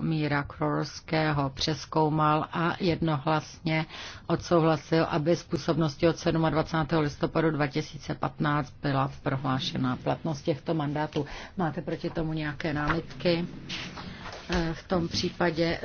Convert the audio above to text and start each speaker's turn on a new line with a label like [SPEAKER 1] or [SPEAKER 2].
[SPEAKER 1] Míra Krorského přeskoumal a jednohlasně odsouhlasil, aby z působnosti od 27. listopadu 2015 byla prohlášena platnost těchto mandátů. Máte proti tomu nějaké námitky?
[SPEAKER 2] Eh, v tom případě